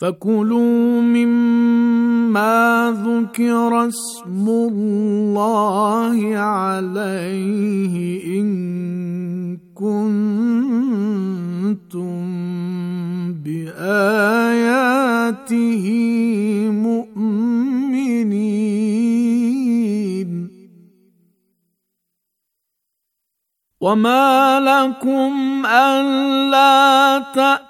فكلوا مما ذكر اسم الله عليه ان كنتم باياته مؤمنين وما لكم الا تأتوا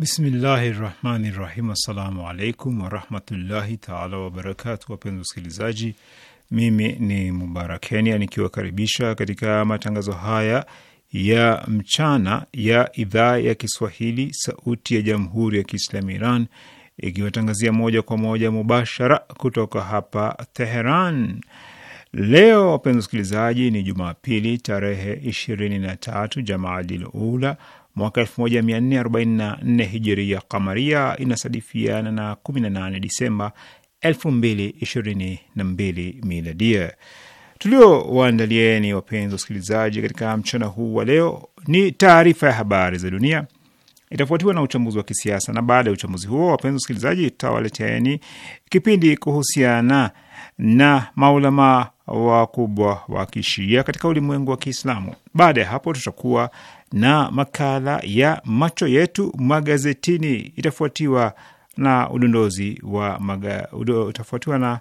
Bismillahi rahmani rahim. Assalamu alaikum warahmatullahi taala wabarakatu. Wapenzi wasikilizaji, mimi ni Mubarak Kenya nikiwakaribisha katika matangazo haya ya mchana ya idhaa ya Kiswahili sauti ya jamhuri ya kiislami Iran ikiwatangazia moja kwa moja mubashara kutoka hapa Teheran. Leo wapenzi wasikilizaji, ni Jumapili tarehe ishirini na tatu Jamaadil Ula mwaka 1444 hijiria kamaria, inasadifiana na 18 Disemba 2022 miladia. Tuliowaandalieni wapenzi wasikilizaji, katika mchana huu wa leo ni taarifa ya habari za dunia, itafuatiwa na uchambuzi wa kisiasa, na baada ya uchambuzi huo, wapenzi wasikilizaji, tawaleteeni kipindi kuhusiana na maulamaa wakubwa wa kishia katika ulimwengu wa Kiislamu. Baada ya hapo, tutakuwa na makala ya macho yetu magazetini, itafuatiwa na udondozi wa maga, udo, utafuatiwa na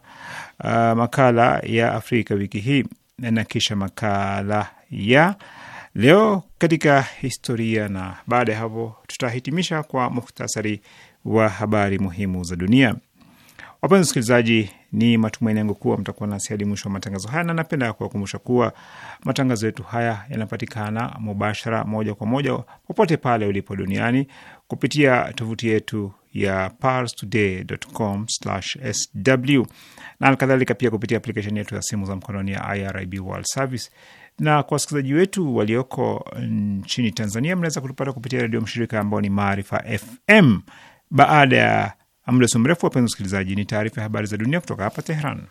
uh, makala ya Afrika wiki hii na kisha makala ya leo katika historia, na baada ya hapo tutahitimisha kwa muhtasari wa habari muhimu za dunia. Wapenzi wasikilizaji, ni matumaini yangu kuwa mtakuwa nasi hadi mwisho wa matangazo haya, na napenda kuwakumbusha kuwa matangazo yetu haya yanapatikana mubashara, moja kwa moja, popote pale ulipo duniani kupitia tovuti yetu ya parstoday.com/sw na halikadhalika pia kupitia aplikesheni yetu ya simu za mkononi ya IRIB World Service. Na kwa wasikilizaji wetu walioko nchini Tanzania, mnaweza kutupata kupitia redio mshirika ambao ni Maarifa FM. Baada ya Amle mrefu, wapenzi wasikilizaji, ni taarifa ya habari za dunia kutoka hapa Tehran.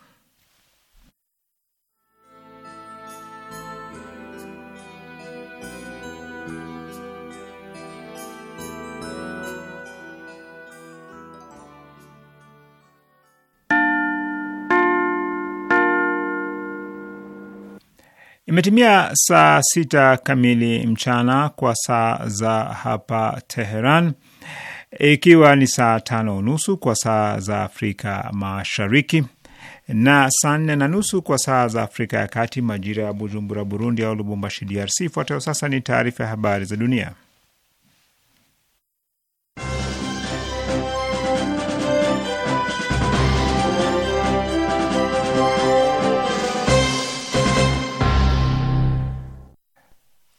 Imetimia saa sita kamili mchana kwa saa za hapa Teheran ikiwa ni saa tano nusu kwa saa za Afrika Mashariki na saa nne na nusu kwa saa za Afrika ya Kati, majira ya Bujumbura, Burundi, au Lubumbashi, DRC. Ifuatayo sasa ni taarifa ya habari za dunia,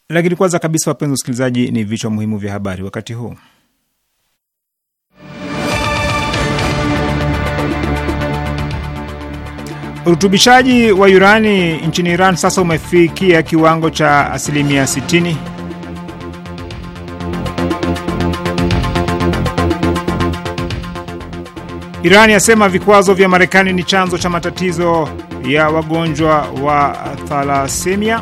lakini kwanza kabisa, wapenzi wasikilizaji, ni vichwa muhimu vya habari wakati huu. Urutubishaji wa urani nchini Iran sasa umefikia kiwango cha asilimia 60. Iran yasema vikwazo vya Marekani ni chanzo cha matatizo ya wagonjwa wa thalasemia.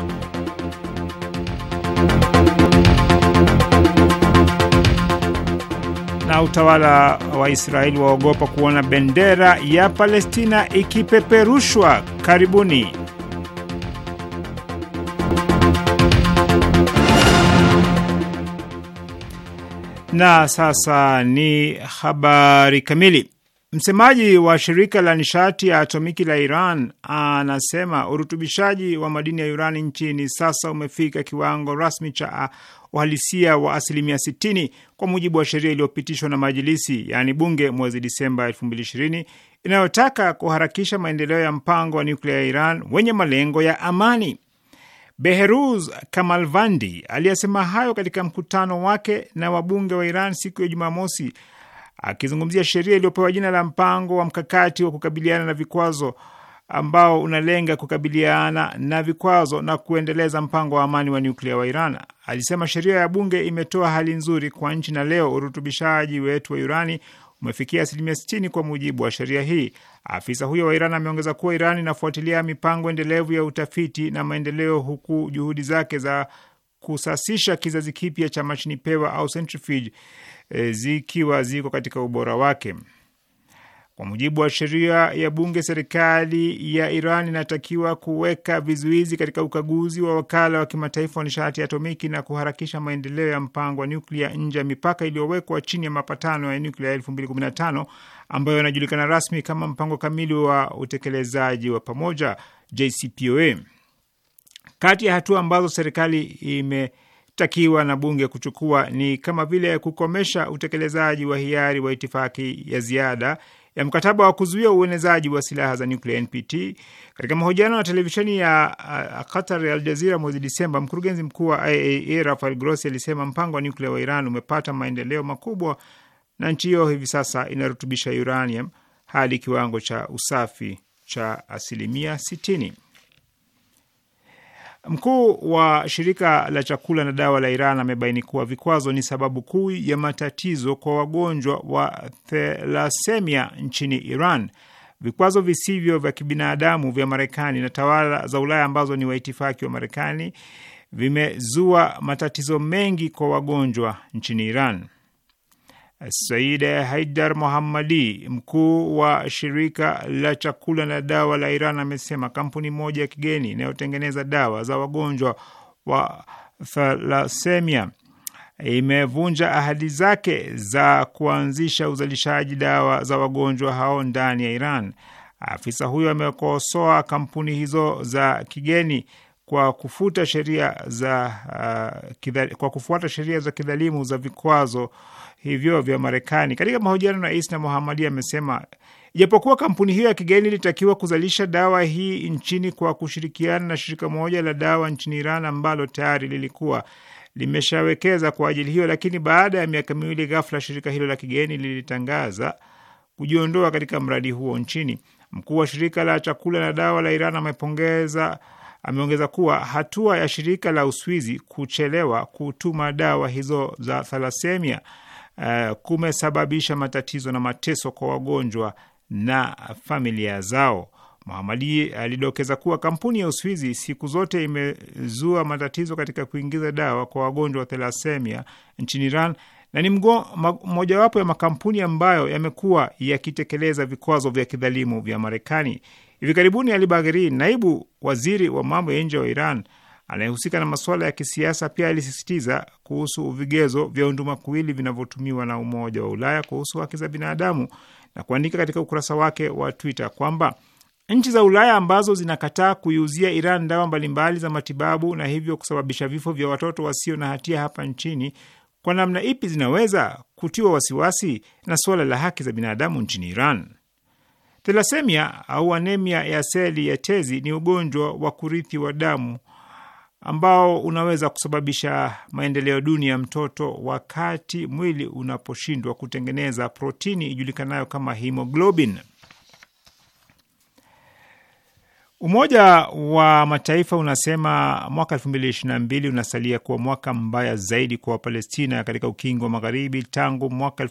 na utawala wa Israeli waogopa kuona bendera ya Palestina ikipeperushwa. Karibuni. Na sasa ni habari kamili. Msemaji wa shirika la nishati ya atomiki la Iran anasema urutubishaji wa madini ya urani nchini sasa umefika kiwango rasmi cha uhalisia wa asilimia 60 kwa mujibu wa sheria iliyopitishwa na majilisi, yaani bunge, mwezi Disemba 2020 inayotaka kuharakisha maendeleo ya mpango wa nyuklia ya Iran wenye malengo ya amani. Beheruz Kamalvandi aliyesema hayo katika mkutano wake na wabunge wa Iran siku ya Jumamosi Akizungumzia sheria iliyopewa jina la mpango wa mkakati wa kukabiliana na vikwazo ambao unalenga kukabiliana na vikwazo na kuendeleza mpango wa amani wa nyuklia wa Iran. Alisema sheria ya bunge imetoa hali nzuri kwa nchi na leo urutubishaji wetu wa urani umefikia asilimia 60 kwa mujibu wa sheria hii. Afisa huyo wa Iran ameongeza kuwa Iran inafuatilia mipango endelevu ya utafiti na maendeleo, huku juhudi zake za kusasisha kizazi kipya cha mashini pewa au centrifuge e, zikiwa ziko katika ubora wake. Kwa mujibu wa sheria ya bunge, serikali ya Iran inatakiwa kuweka vizuizi katika ukaguzi wa wakala wa kimataifa wa nishati ya atomiki na kuharakisha maendeleo ya mpango wa nyuklia nje ya mipaka iliyowekwa chini ya mapatano ya nyuklia ya 2015 ambayo yanajulikana rasmi kama mpango kamili wa utekelezaji wa pamoja JCPOA. Kati ya hatua ambazo serikali imetakiwa na bunge kuchukua ni kama vile kukomesha utekelezaji wa hiari wa itifaki ya ziada ya mkataba wa kuzuia uenezaji wa silaha za nyuklia NPT. Katika mahojiano na televisheni ya uh, Qatar ya Aljazira mwezi Disemba, mkurugenzi mkuu wa IAEA e, Rafael Grossi alisema mpango wa nuklia wa Iran umepata maendeleo makubwa na nchi hiyo hivi sasa inarutubisha uranium hadi kiwango cha usafi cha asilimia 60. Mkuu wa shirika la chakula na dawa la Iran amebaini kuwa vikwazo ni sababu kuu ya matatizo kwa wagonjwa wa thelasemia nchini Iran. Vikwazo visivyo vya kibinadamu vya Marekani na tawala za Ulaya ambazo ni waitifaki wa Marekani vimezua matatizo mengi kwa wagonjwa nchini Iran. Said Haidar Mohammadi, mkuu wa shirika la chakula na dawa la Iran, amesema kampuni moja ya kigeni inayotengeneza dawa za wagonjwa wa thalasemia imevunja ahadi zake za kuanzisha uzalishaji dawa za wagonjwa hao ndani ya Iran. Afisa huyo amekosoa kampuni hizo za kigeni kwa kufuta sheria za uh, kwa kufuata sheria za kidhalimu za vikwazo hivyo vya Marekani. Katika mahojiano na ISNA, Mohamadi amesema ijapokuwa kampuni hiyo ya kigeni ilitakiwa kuzalisha dawa hii nchini kwa kushirikiana na shirika moja la dawa nchini Iran ambalo tayari lilikuwa limeshawekeza kwa ajili hiyo, lakini baada ya miaka miwili, ghafla shirika hilo la kigeni lilitangaza kujiondoa katika mradi huo nchini. Mkuu wa shirika la chakula na dawa la Iran amepongeza ameongeza kuwa hatua ya shirika la Uswizi kuchelewa kutuma dawa hizo za thalasemia uh, kumesababisha matatizo na mateso kwa wagonjwa na familia zao. Mahamadi alidokeza kuwa kampuni ya Uswizi siku zote imezua matatizo katika kuingiza dawa kwa wagonjwa wa thelasemia nchini Iran na ni mojawapo ya makampuni ambayo yamekuwa yakitekeleza vikwazo vya kidhalimu vya Marekani. Hivi karibuni, Ali Bagheri, naibu waziri wa mambo ya nje wa Iran, anayehusika na masuala ya kisiasa pia alisisitiza kuhusu vigezo vya undumakuwili vinavyotumiwa na Umoja wa Ulaya kuhusu haki za binadamu na kuandika katika ukurasa wake wa Twitter kwamba nchi za Ulaya ambazo zinakataa kuiuzia Iran dawa mbalimbali za matibabu na hivyo kusababisha vifo vya watoto wasio na hatia hapa nchini, kwa namna ipi zinaweza kutiwa wasiwasi na suala la haki za binadamu nchini Iran? Thelasemia au anemia ya seli ya tezi ni ugonjwa wa kurithi wa damu ambao unaweza kusababisha maendeleo duni ya mtoto wakati mwili unaposhindwa kutengeneza protini ijulikanayo kama hemoglobin. Umoja wa Mataifa unasema mwaka mbili unasalia kuwa mwaka mbaya zaidi kwa Wapalestina katika ukingo wa magharibi tangu mwaka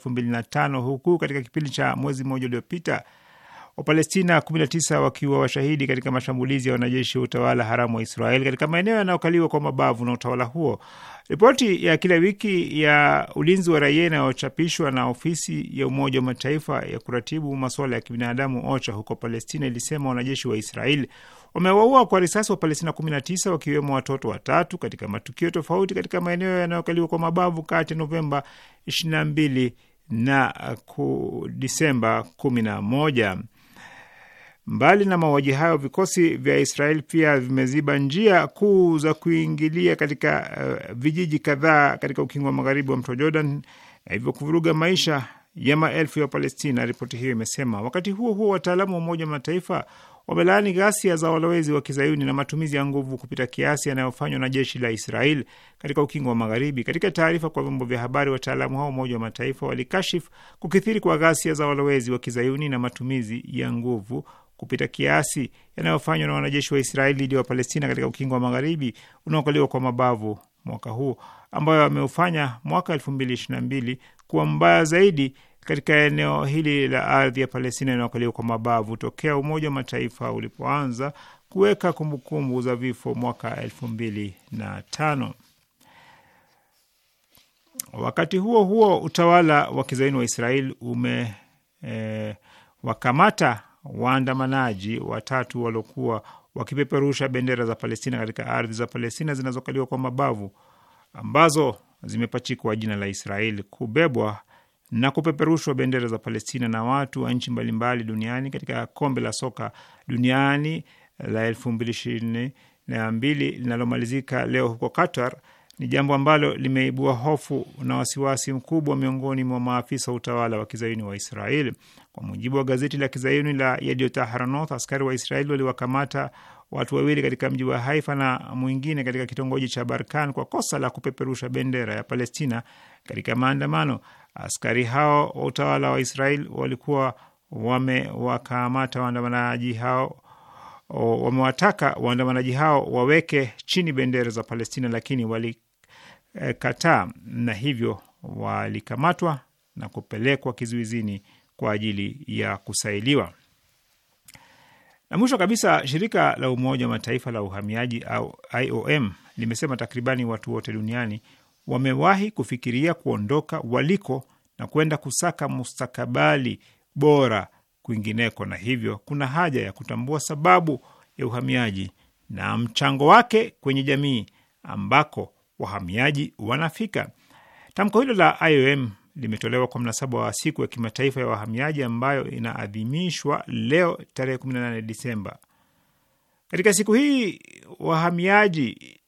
tano huku katika kipindi cha mwezi mmoja uliopita Wapalestina 19 wakiwa washahidi katika mashambulizi ya wanajeshi wa utawala haramu wa israel katika maeneo yanayokaliwa kwa mabavu na utawala huo. Ripoti ya kila wiki ya ulinzi wa raia inayochapishwa na ofisi ya Umoja wa Mataifa ya kuratibu masuala ya kibinadamu OCHA huko Palestina ilisema wanajeshi wa israel wamewaua kwa risasi Wapalestina 19 wakiwemo watoto watatu katika matukio tofauti katika maeneo yanayokaliwa kwa mabavu kati ya Novemba 22 na Disemba 11. Mbali na mauaji hayo, vikosi vya Israel pia vimeziba njia kuu za kuingilia katika uh, vijiji kadhaa katika ukingo wa magharibi wa mto Jordan, hivyo kuvuruga maisha ya maelfu ya Wapalestina, ripoti hiyo imesema. Wakati huo huo, wataalamu wa Umoja wa Mataifa wamelaani ghasia za walowezi wa kizayuni na matumizi ya nguvu kupita kiasi yanayofanywa na jeshi la Israel katika ukingo wa magharibi. Katika taarifa kwa vyombo vya habari, wataalamu hao Umoja wa Mataifa walikashif kukithiri kwa ghasia za walowezi wa kizayuni na matumizi ya nguvu kupita kiasi yanayofanywa na wanajeshi wa Israeli dhidi ya Wapalestina katika ukingo wa magharibi unaokaliwa kwa mabavu mwaka huu, ambayo ameufanya mwaka elfu mbili na mbili kuwa mbaya zaidi katika eneo hili la ardhi ya Palestina inayokaliwa kwa mabavu tokea Umoja wa Mataifa ulipoanza kuweka kumbukumbu za vifo mwaka elfu mbili na tano. Wakati huo huo, utawala wa kizaini wa Israel umewakamata eh, waandamanaji watatu waliokuwa wakipeperusha bendera za Palestina katika ardhi za Palestina zinazokaliwa kwa mabavu ambazo zimepachikwa jina la Israeli, kubebwa na kupeperushwa bendera za Palestina na watu wa nchi mbalimbali duniani katika kombe la soka duniani la elfu mbili ishirini na mbili linalomalizika leo huko Qatar ni jambo ambalo limeibua hofu na wasiwasi mkubwa miongoni mwa maafisa wa utawala wa kizayuni wa Israel. Kwa mujibu wa gazeti la kizayuni la Yediot Ahronoth, askari wa Israeli waliwakamata watu wawili katika mji wa Haifa na mwingine katika kitongoji cha Barkan kwa kosa la kupeperusha bendera ya Palestina katika maandamano. Askari hao wa utawala wa Israel walikuwa wamewakamata waandamanaji hao wamewataka waandamanaji hao waweke chini bendera za Palestina, lakini wali Eh, kataa na hivyo walikamatwa na kupelekwa kizuizini kwa ajili ya kusailiwa. Na mwisho kabisa, shirika la Umoja wa Mataifa la uhamiaji au IOM limesema takribani watu wote duniani wamewahi kufikiria kuondoka waliko na kwenda kusaka mustakabali bora kwingineko, na hivyo kuna haja ya kutambua sababu ya uhamiaji na mchango wake kwenye jamii ambako wahamiaji wanafika. Tamko hilo la IOM limetolewa kwa mnasaba wa siku ya kimataifa ya wahamiaji ambayo inaadhimishwa leo tarehe 18 Disemba. Katika siku hii wahamiaji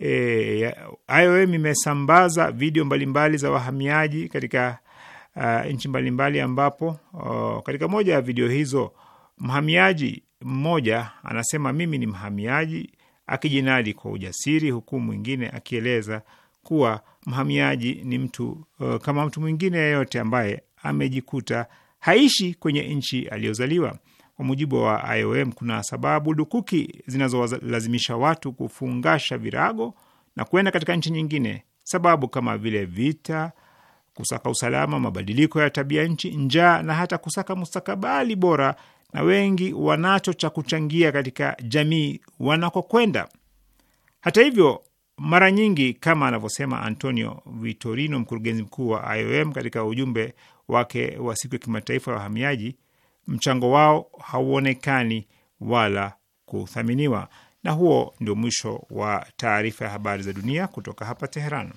e, IOM imesambaza video mbalimbali za wahamiaji katika uh, nchi mbalimbali ambapo uh, katika moja ya video hizo mhamiaji mmoja anasema mimi ni mhamiaji akijinadi kwa ujasiri, huku mwingine akieleza kuwa mhamiaji ni mtu uh, kama mtu mwingine yeyote ambaye amejikuta haishi kwenye nchi aliyozaliwa. Kwa mujibu wa IOM, kuna sababu dukuki zinazolazimisha watu kufungasha virago na kuenda katika nchi nyingine, sababu kama vile vita, kusaka usalama, mabadiliko ya tabia nchi, njaa na hata kusaka mustakabali bora na wengi wanacho cha kuchangia katika jamii wanakokwenda. Hata hivyo, mara nyingi, kama anavyosema Antonio Vitorino, mkurugenzi mkuu wa IOM, katika ujumbe wake wa siku ya kimataifa ya wahamiaji, mchango wao hauonekani wala kuthaminiwa. Na huo ndio mwisho wa taarifa ya habari za dunia kutoka hapa Teheran.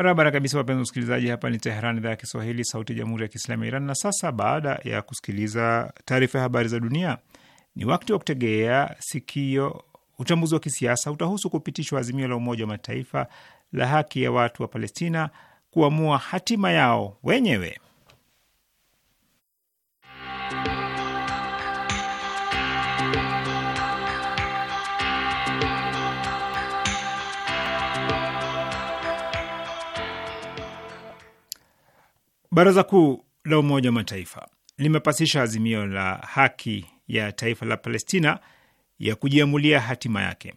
Barabara kabisa, wapenzi msikilizaji, hapa ni Teheran, idhaa ya Kiswahili, sauti ya jamhuri ya kiislamu ya Iran. Na sasa baada ya kusikiliza taarifa ya habari za dunia, ni wakati wa kutegea sikio uchambuzi wa kisiasa. Utahusu kupitishwa azimio la Umoja wa Mataifa la haki ya watu wa Palestina kuamua hatima yao wenyewe. Baraza Kuu la Umoja wa Mataifa limepasisha azimio la haki ya taifa la Palestina ya kujiamulia hatima yake.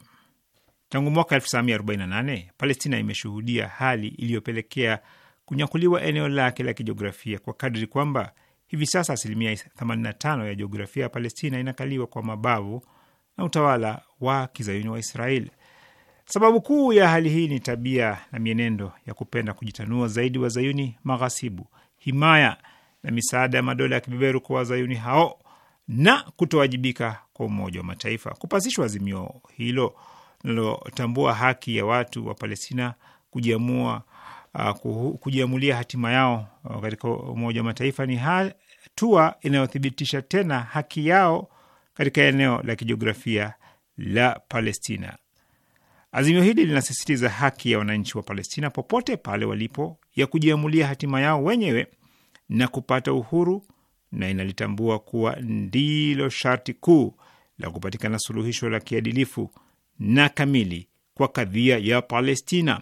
Tangu mwaka 1948 Palestina imeshuhudia hali iliyopelekea kunyakuliwa eneo lake la kijiografia kwa kadri kwamba hivi sasa asilimia 85 ya jiografia ya Palestina inakaliwa kwa mabavu na utawala wa kizayuni wa Israeli. Sababu kuu ya hali hii ni tabia na mienendo ya kupenda kujitanua zaidi wazayuni maghasibu himaya na misaada ya madola ya kibeberu kwa wazayuni hao na kutowajibika kwa Umoja wa Mataifa. Kupasishwa azimio hilo linalotambua haki ya watu wa Palestina kujiamua uh, kujiamulia hatima yao uh, katika Umoja wa Mataifa ni hatua inayothibitisha tena haki yao katika eneo la kijiografia la Palestina. Azimio hili linasisitiza haki ya wananchi wa Palestina popote pale walipo ya kujiamulia hatima yao wenyewe na kupata uhuru na inalitambua kuwa ndilo sharti kuu la kupatikana suluhisho la kiadilifu na kamili kwa kadhia ya Palestina.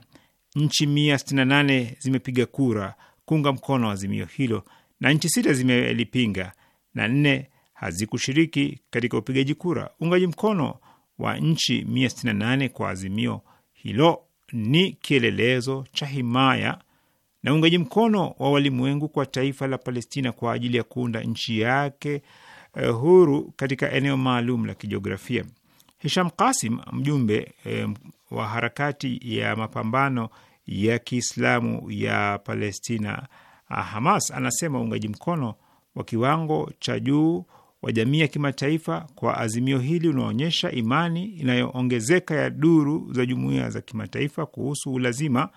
Nchi 168 zimepiga kura kuunga mkono azimio hilo na nchi sita zimelipinga na nne hazikushiriki katika upigaji kura. Uungaji mkono wa nchi 168 kwa azimio hilo ni kielelezo cha himaya na uungaji mkono wa walimwengu kwa taifa la Palestina kwa ajili ya kuunda nchi yake eh, huru katika eneo maalum la kijiografia. Hisham Kasim, mjumbe eh, wa harakati ya mapambano ya Kiislamu ya Palestina Hamas, anasema uungaji mkono wa kiwango cha juu wa jamii ya kimataifa kwa azimio hili unaonyesha imani inayoongezeka ya duru za jumuiya za kimataifa kuhusu ulazima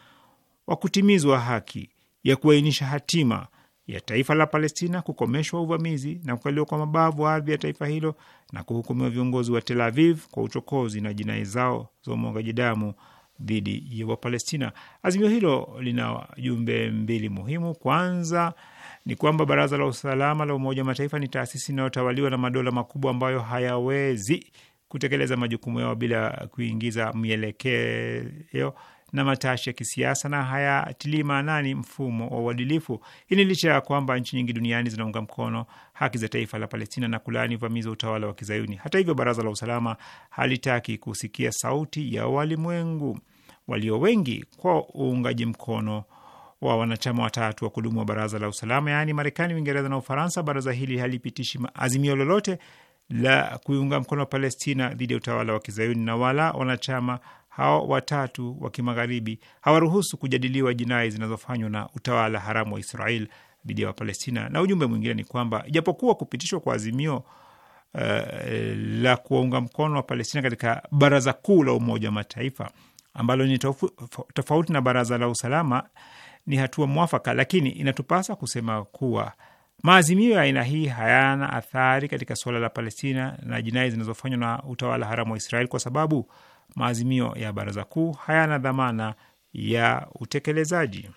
wa kutimizwa haki ya kuainisha hatima ya taifa la Palestina, kukomeshwa uvamizi na kukaliwa kwa mabavu ardhi ya taifa hilo na kuhukumiwa viongozi wa Tel Aviv kwa uchokozi na jinai zao za umwagaji damu dhidi ya Wapalestina. Azimio hilo lina jumbe mbili muhimu. Kwanza, ni kwamba Baraza la Usalama la Umoja wa Mataifa ni taasisi inayotawaliwa na madola makubwa ambayo hayawezi kutekeleza majukumu yao bila kuingiza mielekeo na matashi ya kisiasa na hayatilii maanani mfumo wa uadilifu. Hii ni licha ya kwamba nchi nyingi duniani zinaunga mkono haki za taifa la Palestina na kulaani uvamizi wa utawala wa Kizayuni. Hata hivyo, baraza la usalama halitaki kusikia sauti ya walimwengu walio wengi kwa uungaji mkono wa wanachama watatu wa kudumu wa baraza la usalama, yaani Marekani, Uingereza na Ufaransa, baraza hili halipitishi azimio lolote la kuiunga mkono Palestina dhidi ya utawala wa Kizayuni, na wala wanachama hao watatu wa kimagharibi hawaruhusu kujadiliwa jinai zinazofanywa na utawala haramu wa Israel dhidi ya Wapalestina. Na ujumbe mwingine ni kwamba ijapokuwa kupitishwa kwa azimio uh, la kuwaunga mkono wa Palestina katika baraza kuu la Umoja wa Mataifa ambalo ni tofauti na baraza la usalama ni hatua mwafaka, lakini inatupasa kusema kuwa maazimio ya aina hii hayana athari katika suala la Palestina na jinai zinazofanywa na utawala haramu wa Israeli kwa sababu maazimio ya Baraza Kuu hayana dhamana ya utekelezaji.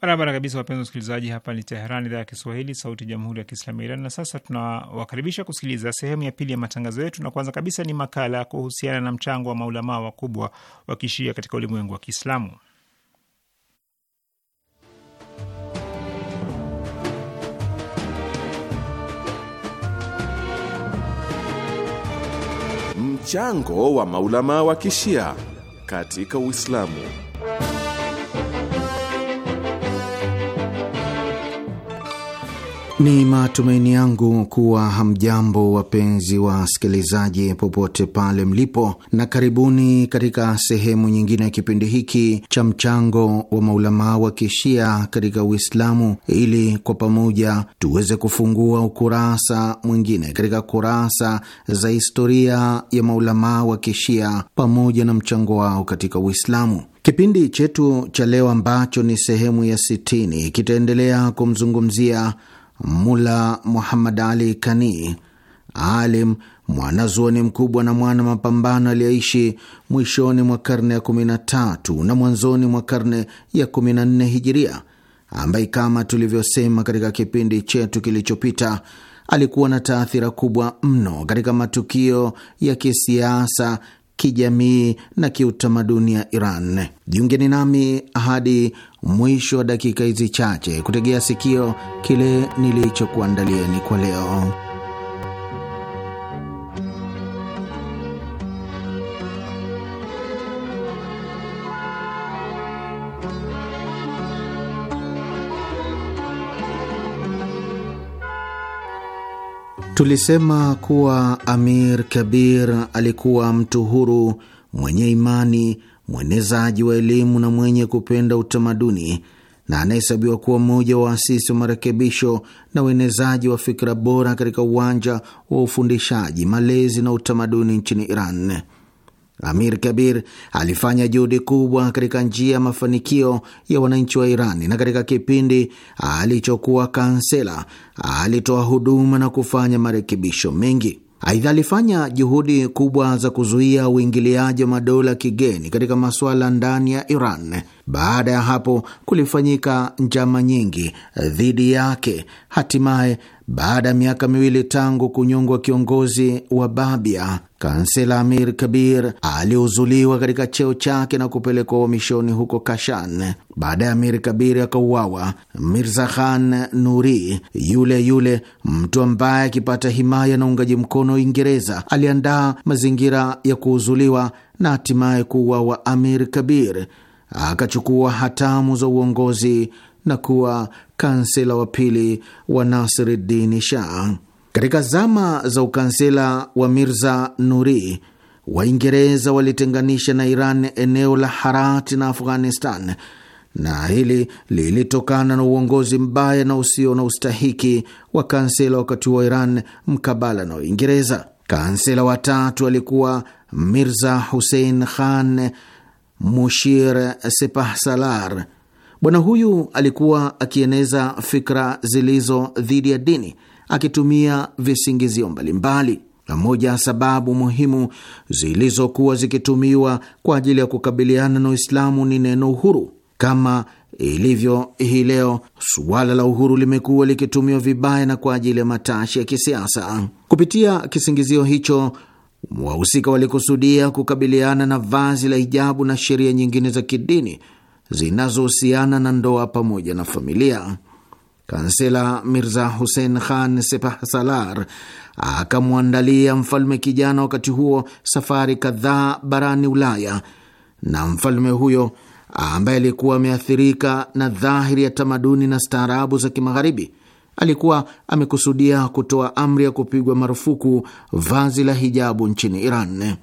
Barabara kabisa, wapenzi wasikilizaji, hapa ni Teheran, idhaa ya Kiswahili, sauti ya jamhuri ya kiislamu ya Iran. Na sasa tunawakaribisha kusikiliza sehemu ya pili ya matangazo yetu, na kwanza kabisa ni makala kuhusiana na mchango wa maulamaa wakubwa wa kishia katika ulimwengu wa Kiislamu. Mchango wa maulamaa wa kishia katika Uislamu. Ni matumaini yangu kuwa hamjambo wapenzi wa sikilizaji, popote pale mlipo, na karibuni katika sehemu nyingine ya kipindi hiki cha mchango wa maulamaa wa kishia katika Uislamu, ili kwa pamoja tuweze kufungua ukurasa mwingine katika kurasa za historia ya maulamaa wa kishia pamoja na mchango wao katika Uislamu. Kipindi chetu cha leo ambacho ni sehemu ya sitini kitaendelea kumzungumzia Mula Muhammad Ali Kani, alim mwanazuoni mkubwa na mwana mapambano aliyeishi mwishoni mwa karne ya 13 na mwanzoni mwa karne ya 14 hijiria, ambaye kama tulivyosema katika kipindi chetu kilichopita alikuwa na taathira kubwa mno katika matukio ya kisiasa kijamii na kiutamaduni ya Iran. Jiungeni nami hadi mwisho wa dakika hizi chache kutegea sikio kile nilichokuandalieni kwa leo. Tulisema kuwa Amir Kabir alikuwa mtu huru mwenye imani, mwenezaji wa elimu na mwenye kupenda utamaduni, na anahesabiwa kuwa mmoja wa waasisi wa marekebisho na uenezaji wa fikra bora katika uwanja wa ufundishaji, malezi na utamaduni nchini Iran. Amir Kabir alifanya juhudi kubwa katika njia ya mafanikio ya wananchi wa Irani, na katika kipindi alichokuwa kansela alitoa huduma na kufanya marekebisho mengi. Aidha, alifanya juhudi kubwa za kuzuia uingiliaji wa madola kigeni katika masuala ndani ya Iran. Baada ya hapo kulifanyika njama nyingi dhidi yake, hatimaye baada ya miaka miwili tangu kunyongwa kiongozi wa Babia, kansela Amir Kabir aliuzuliwa katika cheo chake na kupelekwa uhamishoni huko Kashan. Baada ya Amir Kabir akauawa, Mirza Khan Nuri, yule yule mtu ambaye akipata himaya na uungaji mkono wa Uingereza, aliandaa mazingira ya kuuzuliwa na hatimaye kuuawa Amir Kabir akachukua hatamu za uongozi na kuwa kansela wa pili wa Nasiruddin Shah. Katika zama za ukansela wa Mirza Nuri, Waingereza walitenganisha na Iran eneo la Harati na Afghanistan, na hili lilitokana na uongozi mbaya na usio na ustahiki wa kansela wakati wa Iran mkabala na Uingereza. Kansela watatu alikuwa Mirza Hussein Khan Mushir Sepahsalar Bwana huyu alikuwa akieneza fikra zilizo dhidi ya dini akitumia visingizio mbalimbali. Na moja ya sababu muhimu zilizokuwa zikitumiwa kwa ajili ya kukabiliana na Uislamu ni neno uhuru. Kama ilivyo hii leo, suala la uhuru limekuwa likitumiwa vibaya na kwa ajili ya matashi ya kisiasa. Kupitia kisingizio hicho, wahusika walikusudia kukabiliana na vazi la hijabu na sheria nyingine za kidini zinazohusiana na ndoa pamoja na familia. Kansela Mirza Hussein Khan Sepahsalar akamwandalia mfalme kijana wakati huo safari kadhaa barani Ulaya, na mfalme huyo ambaye alikuwa ameathirika na dhahiri ya tamaduni na staarabu za Kimagharibi alikuwa amekusudia kutoa amri ya kupigwa marufuku vazi la hijabu nchini Iran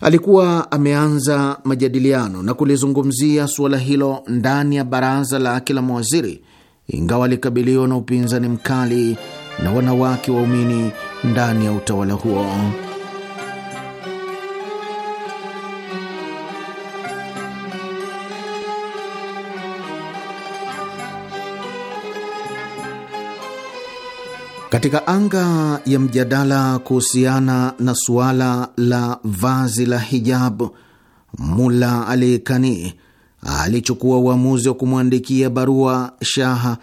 alikuwa ameanza majadiliano na kulizungumzia suala hilo ndani ya baraza lake la mawaziri, ingawa alikabiliwa na upinzani mkali na wanawake waumini ndani ya utawala huo. Katika anga ya mjadala kuhusiana na suala la vazi la hijab, Mula Ali Kani alichukua uamuzi wa kumwandikia barua shaha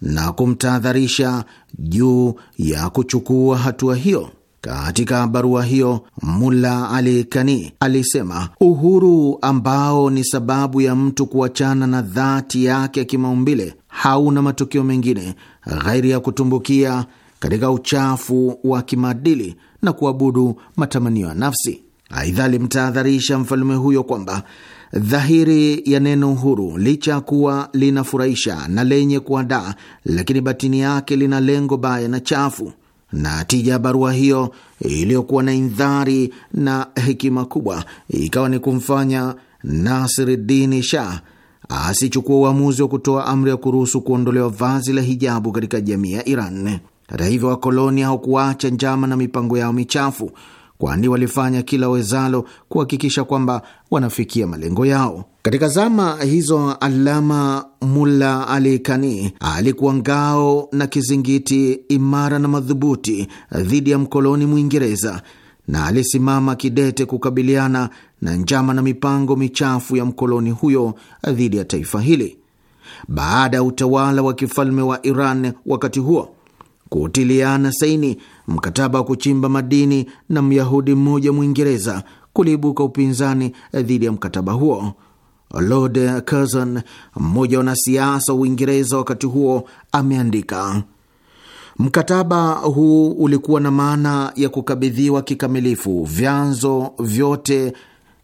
na kumtahadharisha juu ya kuchukua hatua hiyo. Katika barua hiyo Mulla Ali Kani alisema uhuru ambao ni sababu ya mtu kuachana na dhati yake ya kimaumbile hauna matukio mengine ghairi ya kutumbukia katika uchafu wa kimaadili na kuabudu matamanio ya nafsi. Aidha, alimtahadharisha mfalme huyo kwamba dhahiri ya neno uhuru, licha ya kuwa linafurahisha na lenye kuandaa, lakini batini yake lina lengo baya na chafu. Na tija ya barua hiyo iliyokuwa na indhari na hekima kubwa ikawa ni kumfanya Nasiruddin Shah asichukua uamuzi wa kutoa amri ya kuruhusu kuondolewa vazi la hijabu katika jamii ya Iran. Hata hivyo, wakoloni hawakuacha njama na mipango yao michafu, kwani walifanya kila wezalo kuhakikisha kwamba wanafikia malengo yao. Katika zama hizo, Alama Mulla Ali Kani alikuwa ngao na kizingiti imara na madhubuti dhidi ya mkoloni Mwingereza na alisimama kidete kukabiliana na njama na mipango michafu ya mkoloni huyo dhidi ya taifa hili. Baada ya utawala wa kifalme wa Iran wakati huo kutiliana saini mkataba wa kuchimba madini na Myahudi mmoja Mwingereza, kuliibuka upinzani dhidi ya mkataba huo. Lord Curzon, mmoja wa wanasiasa wa Uingereza wakati huo, ameandika Mkataba huu ulikuwa na maana ya kukabidhiwa kikamilifu vyanzo vyote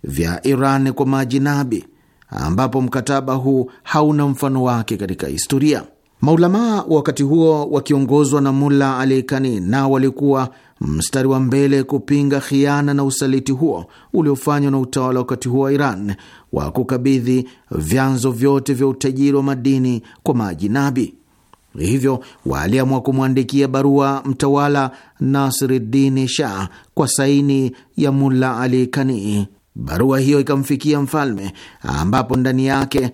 vya Iran kwa majinabi, ambapo mkataba huu hauna mfano wake katika historia. Maulamaa wa wakati huo wakiongozwa na Mulla Ali Kani nao walikuwa mstari wa mbele kupinga khiana na usaliti huo uliofanywa na utawala wakati huo wa Iran wa kukabidhi vyanzo vyote vya utajiri wa madini kwa maajinabi. Hivyo waliamua kumwandikia barua mtawala Nasiruddin Shah kwa saini ya Mulla Ali Kani. Barua hiyo ikamfikia mfalme, ambapo ndani yake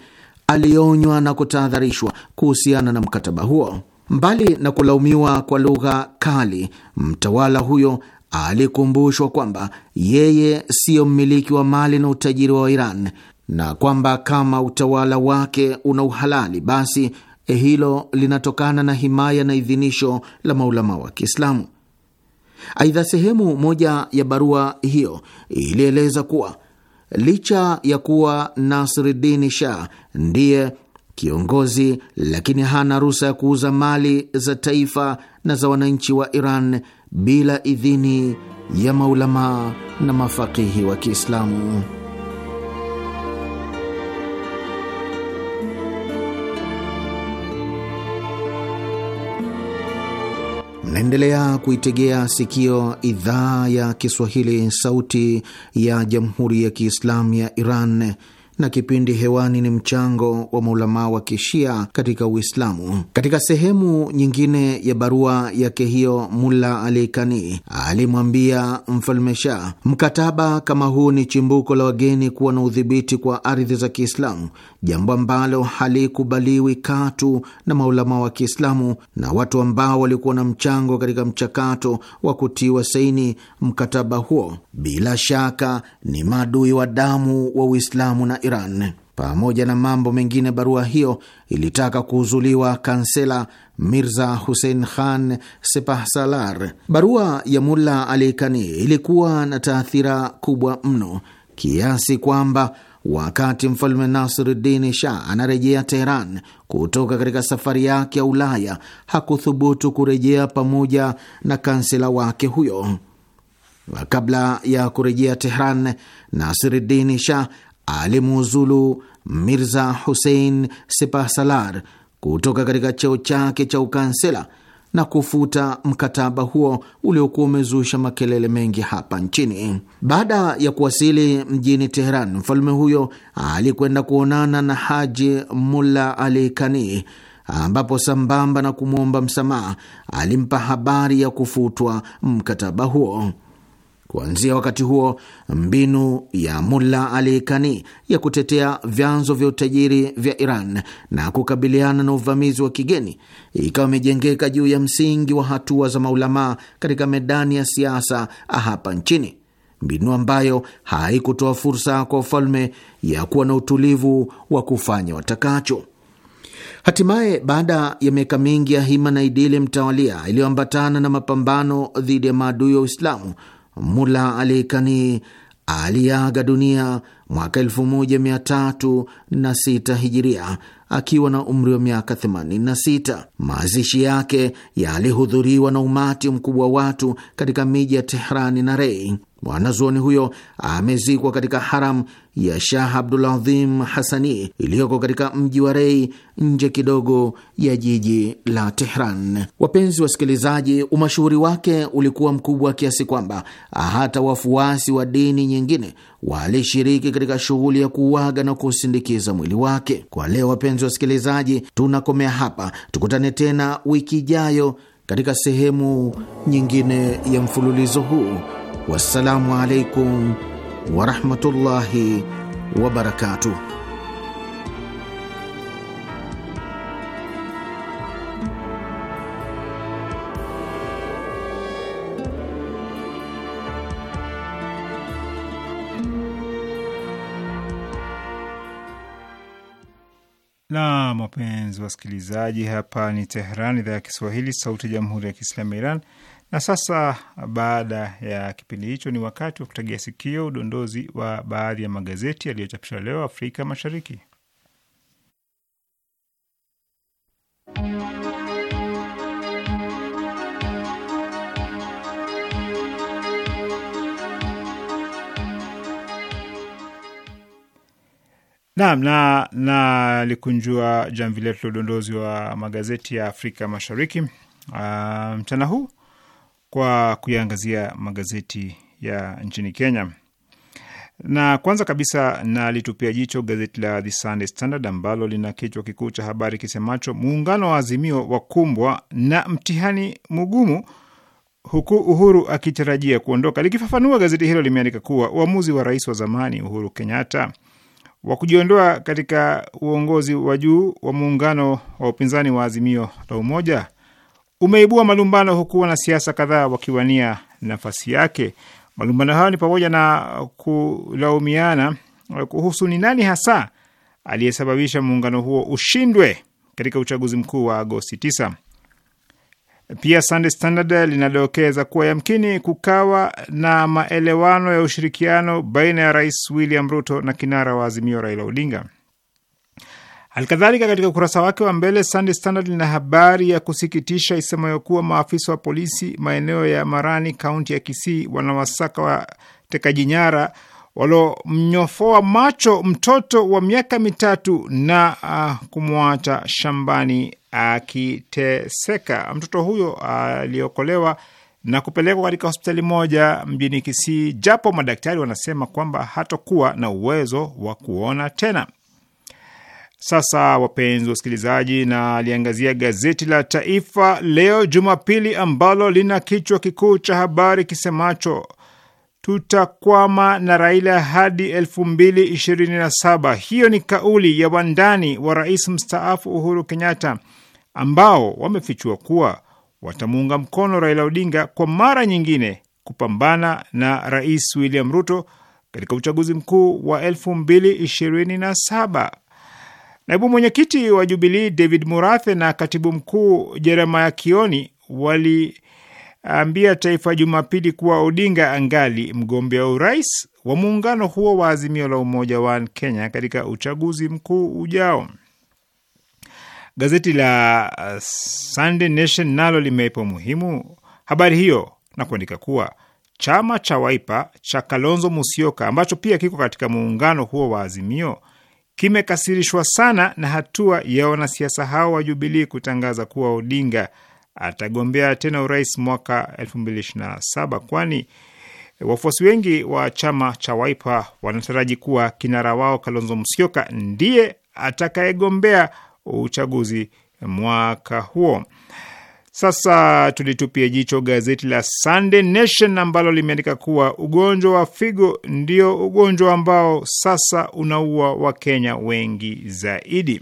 alionywa na kutahadharishwa kuhusiana na mkataba huo. Mbali na kulaumiwa kwa lugha kali, mtawala huyo alikumbushwa kwamba yeye siyo mmiliki wa mali na utajiri wa Iran na kwamba kama utawala wake una uhalali basi hilo linatokana na himaya na idhinisho la maulama wa Kiislamu. Aidha, sehemu moja ya barua hiyo ilieleza kuwa Licha ya kuwa Nasridini Shah ndiye kiongozi, lakini hana ruhusa ya kuuza mali za taifa na za wananchi wa Iran bila idhini ya maulamaa na mafakihi wa Kiislamu. Mnaendelea kuitegea sikio idhaa ya Kiswahili, sauti ya jamhuri ya kiislamu ya Iran na kipindi hewani ni mchango wa maulamaa wa kishia katika Uislamu. Katika sehemu nyingine ya barua yake hiyo, Mulla Ali Kani alimwambia mfalme Shah, mkataba kama huu ni chimbuko la wageni kuwa na udhibiti kwa ardhi za Kiislamu, jambo ambalo halikubaliwi katu na maulamaa wa Kiislamu na watu ambao walikuwa na mchango katika mchakato wa kutiwa saini mkataba huo, bila shaka ni maadui wa damu wa Uislamu na Iran. Pamoja na mambo mengine, barua hiyo ilitaka kuuzuliwa kansela Mirza Hussein Khan Sepahsalar. Barua ya Mulla Ali Kani ilikuwa na taathira kubwa mno kiasi kwamba wakati mfalme Nasiruddin Shah anarejea Teheran kutoka katika safari yake ya Ulaya hakuthubutu kurejea pamoja na kansela wake huyo. Kabla ya kurejea Tehran, Nasiruddin Shah alimuuzulu Mirza Hussein Sepahsalar kutoka katika cheo chake cha ukansela na kufuta mkataba huo uliokuwa umezusha makelele mengi hapa nchini. Baada ya kuwasili mjini Teheran, mfalme huyo alikwenda kuonana na Haji Mulla Ali Kani, ambapo sambamba na kumwomba msamaha alimpa habari ya kufutwa mkataba huo. Kuanzia wakati huo, mbinu ya Mulla Ali Kani ya kutetea vyanzo vya utajiri vya Iran na kukabiliana na uvamizi wa kigeni ikawa imejengeka juu ya msingi wa hatua za maulamaa katika medani ya siasa hapa nchini, mbinu ambayo haikutoa fursa kwa ufalme ya kuwa na utulivu wa kufanya watakacho. Hatimaye, baada ya miaka mingi ya hima na idili mtawalia iliyoambatana na mapambano dhidi ya maadui wa Uislamu, Mula Alikani aliaga dunia mwaka 1306 hijiria akiwa na umri wa miaka 86. Mazishi yake yalihudhuriwa na umati mkubwa wa watu katika miji ya Tehrani na Rei. Mwanazuoni huyo amezikwa katika haram ya Shah Abdulazim Hasani iliyoko katika mji wa Rei, nje kidogo ya jiji la Tehran. Wapenzi wasikilizaji, umashuhuri wake ulikuwa mkubwa kiasi kwamba hata wafuasi wa dini nyingine walishiriki katika shughuli ya kuuaga na kusindikiza mwili wake. Kwa leo, wapenzi wasikilizaji, tunakomea hapa. Tukutane tena wiki ijayo katika sehemu nyingine ya mfululizo huu. Wassalamu alaikum warahmatullahi wabarakatuh. Wapenzi wasikilizaji, hapa ni Tehran, idhaa ya Kiswahili, sauti ya jamhuri ya kiislamu ya Iran. Na sasa baada ya kipindi hicho, ni wakati wa kutegea sikio udondozi wa baadhi ya magazeti yaliyochapishwa leo Afrika Mashariki. Naam, na na likunjua jamvi letu la udondozi wa magazeti ya Afrika Mashariki ah, mchana um, huu kwa kuyaangazia magazeti ya nchini Kenya na kwanza kabisa nalitupia jicho gazeti la The Sunday Standard ambalo lina kichwa kikuu cha habari kisemacho muungano wa Azimio wakumbwa na mtihani mgumu huku Uhuru akitarajia kuondoka. Likifafanua, gazeti hilo limeandika kuwa uamuzi wa rais wa zamani Uhuru Kenyatta wa kujiondoa katika uongozi wa juu wa muungano wa upinzani wa Azimio la Umoja umeibua malumbano huku wanasiasa kadhaa wakiwania nafasi yake. Malumbano hayo ni pamoja na kulaumiana kuhusu ni nani hasa aliyesababisha muungano huo ushindwe katika uchaguzi mkuu wa Agosti 9. Pia Sunday Standard linadokeza kuwa yamkini kukawa na maelewano ya ushirikiano baina ya Rais William Ruto na kinara wa Azimio Raila Odinga. Alkadhalika, katika ukurasa wake wa mbele Sunday Standard lina habari ya kusikitisha isemayo kuwa maafisa wa polisi maeneo ya Marani, kaunti ya Kisii, wanawasaka watekaji nyara waliomnyofoa macho mtoto wa miaka mitatu na uh, kumwacha shambani akiteseka. Uh, mtoto huyo ah, aliokolewa uh, na kupelekwa katika hospitali moja mjini Kisii, japo madaktari wanasema kwamba hatokuwa na uwezo wa kuona tena. Sasa wapenzi wasikilizaji, na aliangazia gazeti la Taifa Leo Jumapili ambalo lina kichwa kikuu cha habari kisemacho tutakwama na Raila hadi 227 Hiyo ni kauli ya wandani wa rais mstaafu Uhuru Kenyatta ambao wamefichua kuwa watamuunga mkono Raila Odinga kwa mara nyingine kupambana na Rais William Ruto katika uchaguzi mkuu wa elfu Naibu mwenyekiti wa Jubilii David Murathe na katibu mkuu Jeremiah Kioni waliambia Taifa Jumapili kuwa Odinga angali mgombea urais wa muungano huo wa Azimio la Umoja wa Kenya katika uchaguzi mkuu ujao. Gazeti la Sunday Nation nalo limeipa umuhimu habari hiyo na kuandika kuwa chama cha Waipa cha Kalonzo Musyoka ambacho pia kiko katika muungano huo wa Azimio kimekasirishwa sana na hatua ya wanasiasa hao wa Jubilii kutangaza kuwa Odinga atagombea tena urais mwaka 2027 kwani wafuasi wengi wa chama cha Waipa wanataraji kuwa kinara wao Kalonzo Musyoka ndiye atakayegombea uchaguzi mwaka huo. Sasa tulitupia jicho gazeti la Sunday Nation ambalo limeandika kuwa ugonjwa wa figo ndio ugonjwa ambao sasa unaua Wakenya wengi zaidi.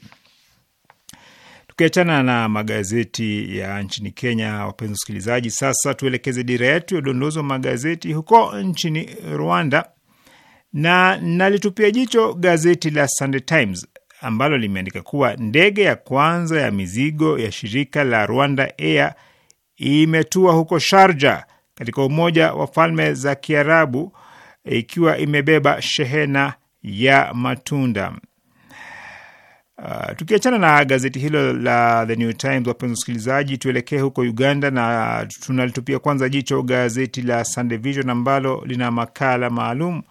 Tukiachana na magazeti ya nchini Kenya, wapenzi wasikilizaji, sasa tuelekeze dira yetu ya udondozi wa magazeti huko nchini Rwanda, na nalitupia jicho gazeti la Sunday Times ambalo limeandika kuwa ndege ya kwanza ya mizigo ya shirika la Rwanda Air imetua huko Sharja katika Umoja wa Falme za Kiarabu ikiwa imebeba shehena ya matunda. Uh, tukiachana na gazeti hilo la The New Times, wapenzi wasikilizaji, tuelekee huko Uganda na tunalitupia kwanza jicho gazeti la Sunday Vision ambalo lina makala maalum